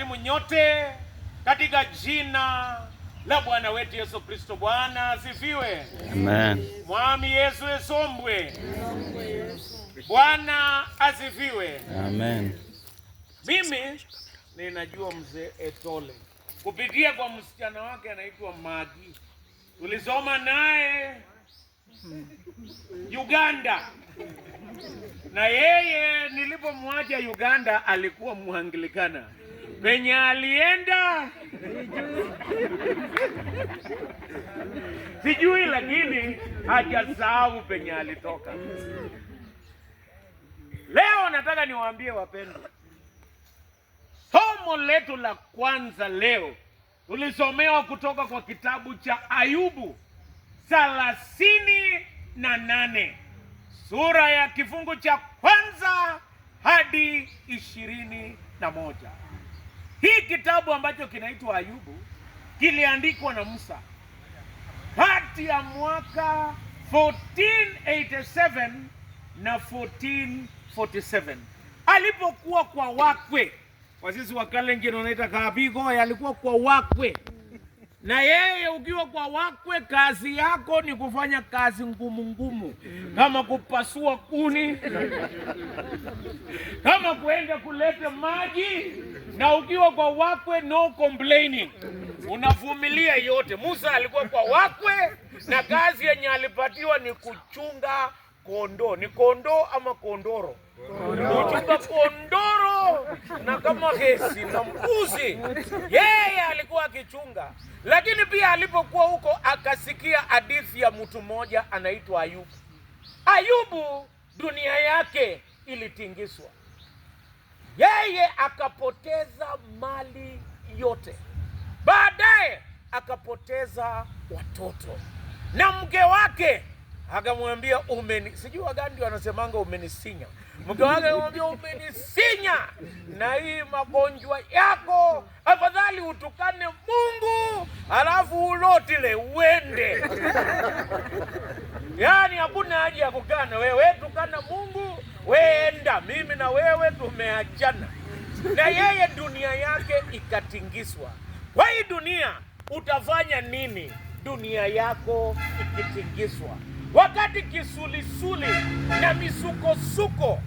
Limu nyote katika jina la Bwana wetu Yesu Kristo. Bwana asifiwe. Amen. Mwami Yesu esombwe. Bwana asifiwe. Amen. Mimi ninajua mzee Etole kupitia kwa msichana wake anaitwa Magi, tulisoma naye Uganda na yeye nilipomwacha Uganda alikuwa Muanglikana penye alienda sijui, lakini hajasahau penye alitoka. Leo nataka niwaambie wapendwa, somo letu la kwanza leo tulisomewa kutoka kwa kitabu cha Ayubu thelathini na nane sura ya kifungu cha kwanza hadi ishirini na moja. Hii kitabu ambacho kinaitwa Ayubu kiliandikwa na Musa kati ya mwaka 1487 na 1447 alipokuwa kwa wakwe. Kwa sisi ngine wanaita Kaabigo, alikuwa kwa wakwe na yeye ukiwa kwa wakwe, kazi yako ni kufanya kazi ngumu ngumu, kama kupasua kuni, kama kuenda kuleta maji na ukiwa kwa wakwe no complaining, unavumilia yote. Musa alikuwa kwa wakwe na kazi yenye alipatiwa ni kuchunga kondoo. Ni kondoo ama kondoro? Kuchunga kondoro na kama hesi na mbuzi, yeye alikuwa akichunga. Lakini pia alipokuwa huko akasikia hadithi ya mtu mmoja anaitwa Ayubu. Ayubu dunia yake ilitingizwa yeye akapoteza mali yote, baadaye akapoteza watoto, na mke wake akamwambia umeni, sijui Wagandi wanasemanga umenisinya. Mke wake akamwambia umenisinya na hii magonjwa yako, afadhali utukane Mungu alafu ulotile uende. yani hakuna haja ya kukana wewe, tukana Mungu weenda, mimi na wewe tumeachana. Na yeye dunia yake ikatingiswa. Kwa hii dunia utafanya nini dunia yako ikitingiswa, wakati kisulisuli na misukosuko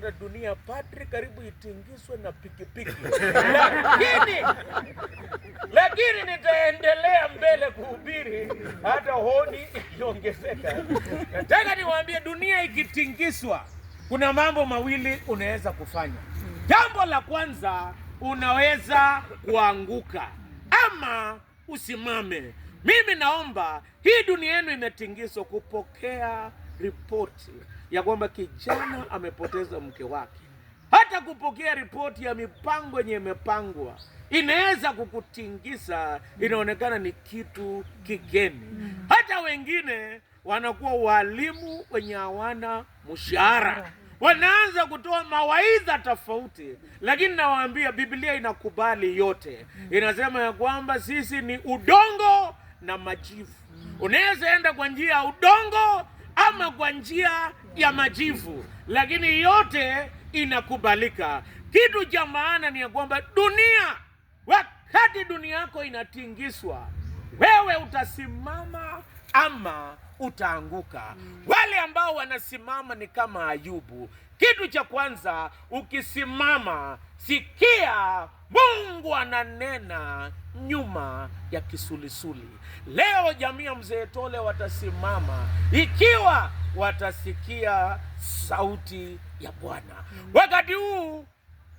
tano na dunia, padri karibu itingizwe na pikipiki lakini lakini nitaendelea mbele kuhubiri hata honi ikiongezeka. Nataka niwaambie, dunia ikitingiswa, kuna mambo mawili unaweza kufanya. Jambo la kwanza, unaweza kuanguka ama usimame. Mimi naomba hii dunia yenu imetingiswa kupokea ripoti ya kwamba kijana amepoteza mke wake. Hata kupokea ripoti ya mipango yenye imepangwa inaweza kukutingiza, inaonekana ni kitu kigeni. Mm-hmm. Hata wengine wanakuwa walimu wenye hawana mshahara wanaanza kutoa mawaidha tofauti, lakini nawaambia, Biblia inakubali yote. Mm-hmm. Inasema ya kwamba sisi ni udongo na majivu. Mm-hmm. Unaweza enda kwa njia ya udongo ama kwa njia ya majivu, lakini yote inakubalika. Kitu cha maana ni ya kwamba dunia, wakati dunia yako inatingiswa, wewe utasimama ama utaanguka. Mm. Wale ambao wanasimama ni kama Ayubu. Kitu cha kwanza, ukisimama sikia Mungu ananena nyuma ya kisulisuli. Leo jamii ya Mzee Tole watasimama ikiwa watasikia sauti ya Bwana. Mm. Wakati huu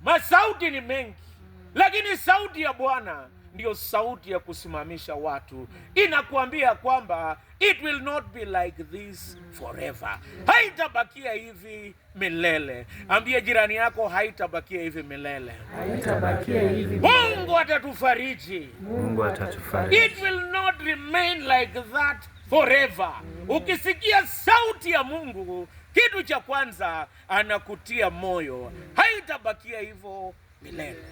masauti ni mengi, mm. lakini sauti ya Bwana ndiyo sauti ya kusimamisha watu. Inakuambia kwamba it will not be like this forever, haitabakia hivi milele. Ambie jirani yako, haitabakia hivi milele, haitabakia hivi. Mungu atatufariji, Mungu atatufariji. It will not remain like that forever. Ukisikia sauti ya Mungu kitu cha kwanza anakutia moyo, haitabakia hivyo milele.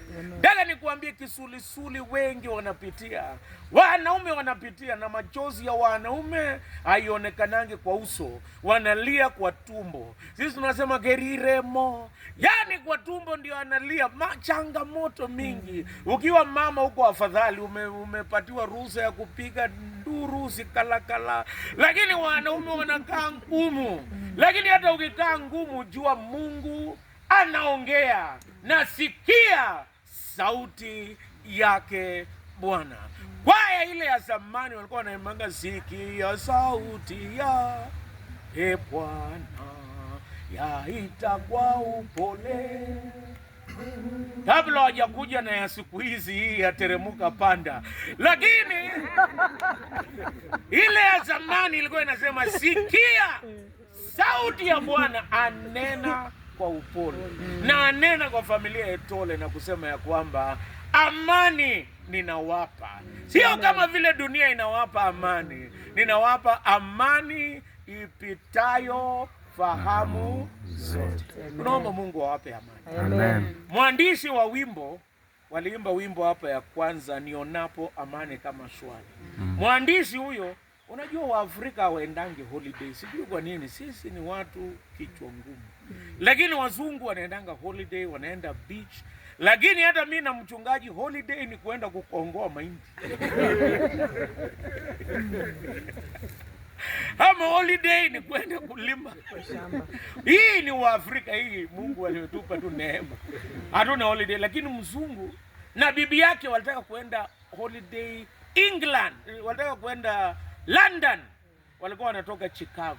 ni nikuambie, kisulisuli wengi wanapitia, wanaume wanapitia, na machozi ya wanaume haionekanange kwa uso, wanalia kwa tumbo. Sisi tunasema geriremo, yani kwa tumbo ndio analia. Changamoto mingi. Mm. Ukiwa mama huko, afadhali ume, umepatiwa ruhusa ya kupiga duru zikalakala, lakini wanaume wanakaa ngumu. Lakini hata ukikaa ngumu, jua Mungu anaongea, nasikia sauti yake Bwana. Kwaya ile ya zamani walikuwa wanaimanga, sikia sauti ya e Bwana, yaita kwa upole kabla hawajakuja na ya siku hizi hii ya teremuka panda, lakini ile ya zamani ilikuwa inasema sikia sauti ya Bwana anena kwa upole na anena kwa familia etole na kusema ya kwamba amani ninawapa, sio kama vile dunia inawapa amani, ninawapa amani ipitayo fahamu zote. Tunaomba Mungu awape amani. Amen. Mwandishi wa wimbo waliimba wimbo hapa ya kwanza, nionapo amani kama shwari. mm. Mwandishi huyo, unajua Waafrika waendange holiday, sijui kwa nini. Sisi ni watu kichwa ngumu. mm. Lakini wazungu wanaendanga holiday, wanaenda beach lakini hata mi na mchungaji holiday ni kuenda kukongoa mahindi ama holiday ni kwenda kulima hii ni Waafrika hii Mungu aliyotupa tu neema, hatuna holiday. Lakini mzungu na bibi yake walitaka kuenda holiday England, walitaka kuenda London, walikuwa wanatoka Chicago.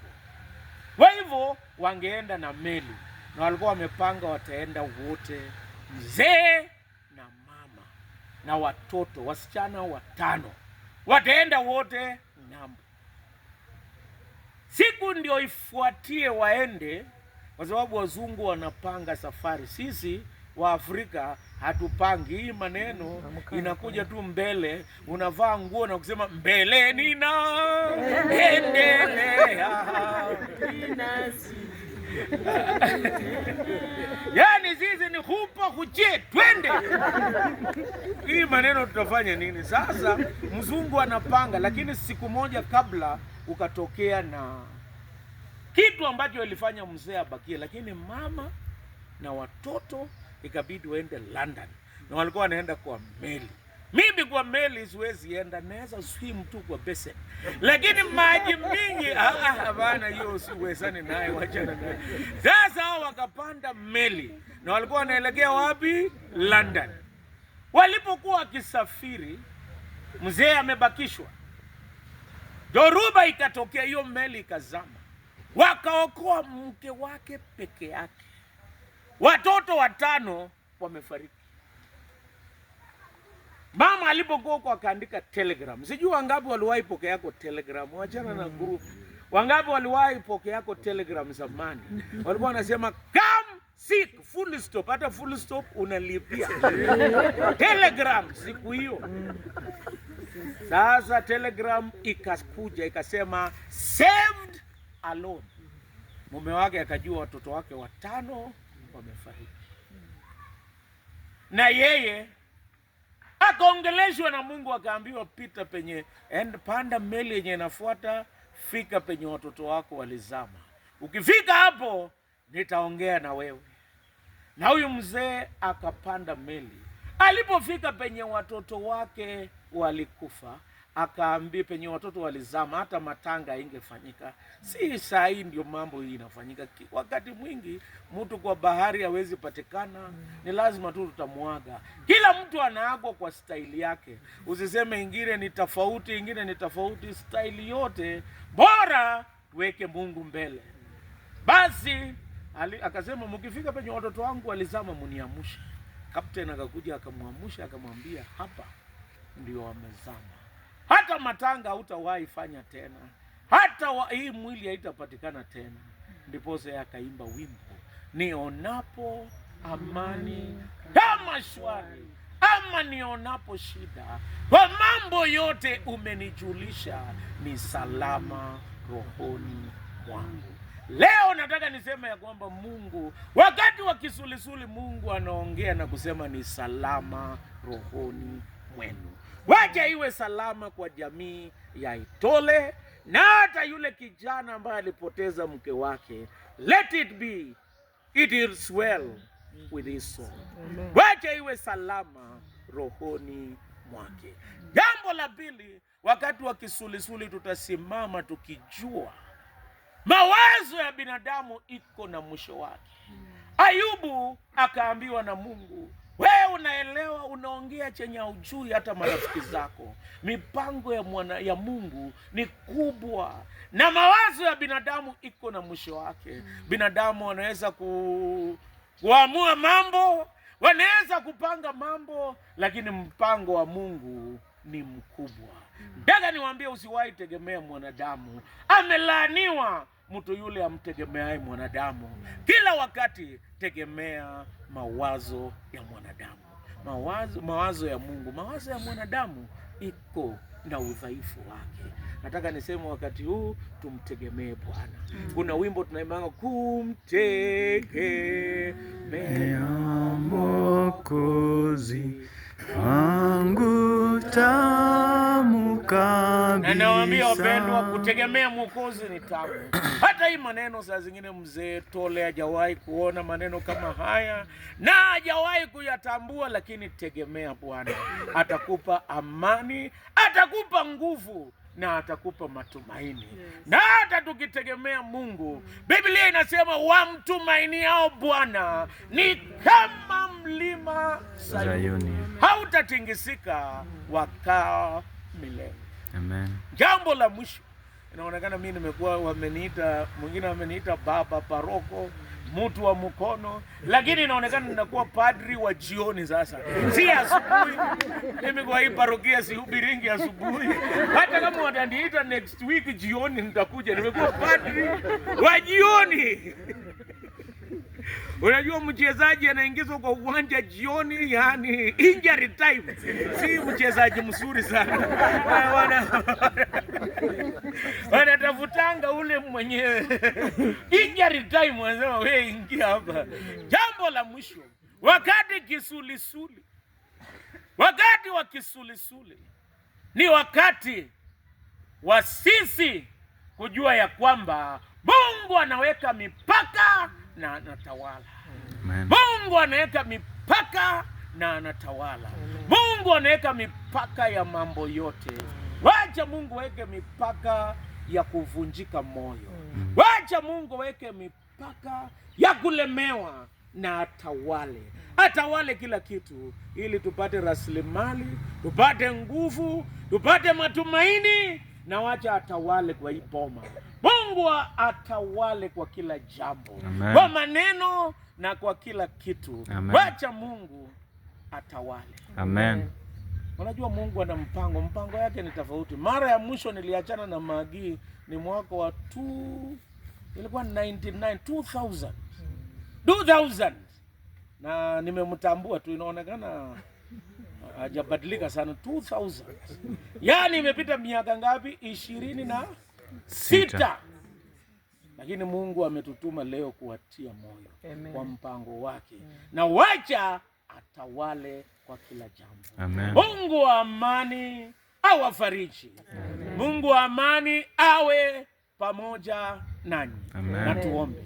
Kwa hivyo wangeenda na meli, na walikuwa wamepanga wataenda wote, mzee na mama na watoto wasichana watano, wataenda wote ng'ambo ndio ifuatie waende, kwa sababu wazungu wanapanga safari, sisi wa Afrika hatupangi. Hii maneno inakuja tu mbele, unavaa nguo na kusema mbele nina endelea Yani sisi ni hupo kuje, twende. Hii maneno tutafanya nini sasa? Mzungu anapanga, lakini siku moja kabla ukatokea na kitu ambacho ilifanya mzee abakie, lakini mama na watoto ikabidi waende London na walikuwa wanaenda kwa meli. Mimi kwa meli siwezi enda, naweza swim tu kwa basin, lakini maji mingi ah, ah, hapana, hiyo siwezani naye, wachana naye. Sasa wakapanda meli na walikuwa wanaelekea wapi? London. Walipokuwa wakisafiri, mzee amebakishwa, dhoruba ikatokea, hiyo meli ikazama wakaokoa mke wake peke yake, watoto watano wamefariki. Mama alipokuwa huko akaandika telegram. Sijui wangapi waliwahi pokea yako telegram, wachana na mm. group. Wangapi waliwahi pokea yako telegram zamani? Walikuwa wanasema come seek full stop, hata full stop unalipia telegram siku hiyo. Sasa telegram ikakuja ikasema saved alone. Mm-hmm. Mume wake akajua watoto wake watano wamefariki, mm-hmm. na yeye akaongeleshwa na Mungu, akaambiwa pita penye and panda meli yenye inafuata, fika penye watoto wako walizama. Ukifika hapo nitaongea na wewe. Na huyu mzee akapanda meli, alipofika penye watoto wake walikufa akaambia penye watoto walizama, hata matanga ingefanyika. Si saa hii ndio mambo hii inafanyika. Wakati mwingi mtu kwa bahari hawezi patikana, ni lazima tu tutamwaga. Kila mtu anaagwa kwa staili yake, usiseme ingine ni tofauti, ingine ni tofauti. Staili yote bora tuweke Mungu mbele. Basi ali, akasema mkifika penye watoto wangu walizama, muniamushe. Kapteni akakuja akamwamusha, akamwambia hapa ndio wamezama hata matanga hautawahi fanya tena, hata wa, hii mwili haitapatikana tena. Ndiposa akaimba wimbo nionapo amani kama shwari ama nionapo shida, kwa mambo yote umenijulisha, ni salama rohoni mwangu. Leo nataka niseme ya kwamba Mungu wakati wa kisulisuli, Mungu anaongea na kusema ni salama rohoni mwenu waje iwe salama kwa jamii ya Itole na hata yule kijana ambaye alipoteza mke wake, let it be it is well with his soul. Waje iwe salama rohoni mwake. Jambo la pili, wakati wa kisulisuli tutasimama tukijua mawazo ya binadamu iko na mwisho wake. Hmm. Ayubu akaambiwa na Mungu unaelewa unaongea chenye ujui hata marafiki zako. Mipango ya mwana, ya Mungu ni kubwa, na mawazo ya binadamu iko na mwisho wake. Mm. Binadamu wanaweza ku, kuamua mambo, wanaweza kupanga mambo, lakini mpango wa Mungu ni mkubwa. ndaga mm. niwaambie, usiwahi tegemea mwanadamu, amelaaniwa mtu yule amtegemeaye mwanadamu. Kila wakati tegemea mawazo ya mwanadamu. Mawazo, mawazo ya Mungu, mawazo ya mwanadamu iko na udhaifu wake. Nataka niseme wakati huu tumtegemee Bwana. Mm. Kuna wimbo tunaimanga kumtegemea Mwokozi wangu kabisa. Na nawaambia wapendwa, kutegemea mwokozi ni tabu. Hata hii maneno saa zingine mzee Tole hajawahi kuona maneno kama haya na hajawahi kuyatambua, lakini tegemea Bwana, atakupa amani, atakupa nguvu na atakupa matumaini yes. Na hata tukitegemea Mungu mm. Biblia inasema wamtumainiao Bwana ni kama mlima Sayuni, hautatingisika wakao milele. Amen. Jambo la mwisho inaonekana mimi nimekuwa wameniita, mwingine wameniita baba paroko, mtu wa mkono, lakini inaonekana ninakuwa padri wa jioni sasa, si asubuhi. Mimi kwa hii parokia sihubiringi asubuhi, hata kama wataniita next week jioni nitakuja. Nimekuwa padri wa jioni Unajua mchezaji anaingizwa kwa uwanja jioni, yani injury time, si mchezaji mzuri sana wanatafutanga ule mwenyewe injury time, wanasema wewe ingia hapa. Jambo la mwisho, wakati kisulisuli, wakati wa kisulisuli ni wakati wa sisi kujua ya kwamba Mungu anaweka mipaka na anatawala. Mungu anaweka mipaka na anatawala. Mungu anaweka mipaka ya mambo yote. Wacha Mungu weke mipaka ya kuvunjika moyo. Wacha Mungu weke mipaka ya kulemewa na atawale, atawale kila kitu, ili tupate rasilimali, tupate nguvu, tupate matumaini na wacha atawale kwa hii boma. Mungu atawale kwa kila jambo, Kwa maneno na kwa kila kitu, Amen. Wacha Mungu atawale, Amen. Unajua Mungu ana mpango, mpango yake ni tofauti. Mara ya mwisho niliachana na magii ni mwaka wa 2 ilikuwa 99 2000 2000 na nimemtambua tu, inaonekana hajabadilika sana 2000 yani imepita miaka ngapi? ishirini na sita, lakini Mungu ametutuma leo kuwatia moyo Amen. kwa mpango wake Amen. na wacha atawale kwa kila jambo Amen. Mungu wa amani awafariji. Mungu wa amani awe pamoja nanyi, na tuombe.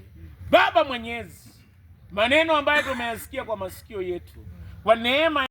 Baba Mwenyezi, maneno ambayo tumeyasikia kwa masikio yetu kwa neema